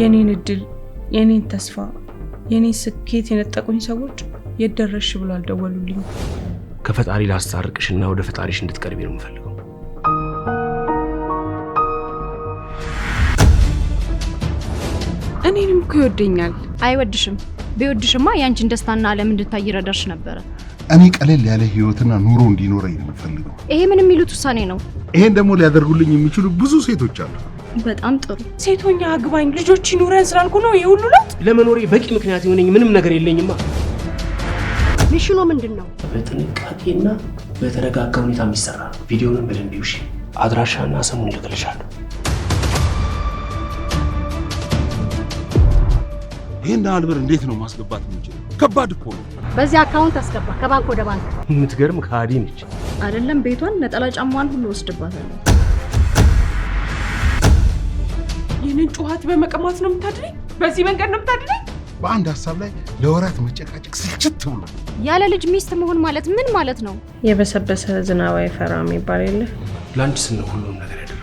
የኔን እድል፣ የኔን ተስፋ፣ የኔን ስኬት የነጠቁኝ ሰዎች የደረሽ ብሎ አልደወሉልኝ። ከፈጣሪ ላስታርቅሽና ወደ ፈጣሪሽ እንድትቀርቢ ነው የምፈልገው። እኔንም እኮ ይወደኛል። አይወድሽም። ቢወድሽማ የአንቺን ደስታና ዓለም እንድታይ ይረዳሽ ነበረ። እኔ ቀለል ያለ ህይወትና ኑሮ እንዲኖረኝ ነው የምፈልገው። ይሄ ምን የሚሉት ውሳኔ ነው? ይሄን ደግሞ ሊያደርጉልኝ የሚችሉ ብዙ ሴቶች አሉ። በጣም ጥሩ ሴቶኛ አግባኝ ልጆች ይኑረን ስላልኩ ነው ይሄ ሁሉ ለት ለመኖሬ በቂ ምክንያት የሆነኝ ምንም ነገር የለኝማ። ሚሽኖ ምንድን ነው? በጥንቃቄና በተረጋጋ ሁኔታ የሚሰራ ነው። ቪዲዮንም በደንብ ይውሽ። አድራሻና ስሙን እልክልሻለሁ። ይህን ያህል እንዴት ነው ማስገባት የምንችል? ከባድ እኮ ነው። በዚህ አካውንት አስገባ፣ ከባንክ ወደ ባንክ። የምትገርም ከሃዲ ነች አይደለም? ቤቷን ነጠላ ጫማዋን ሁሉ ወስድባታለሁ። የኔን ጩኸት በመቀማት ነው የምታድለኝ? በዚህ መንገድ ነው የምታድ በአንድ ሀሳብ ላይ ለወራት መጨቃጨቅ ስልችት ብሎ ያለ ልጅ ሚስት መሆን ማለት ምን ማለት ነው? የበሰበሰ ዝናብ አይፈራም ይባል የለ። ለአንድ ስነ ሁሉም ነገር ያደረ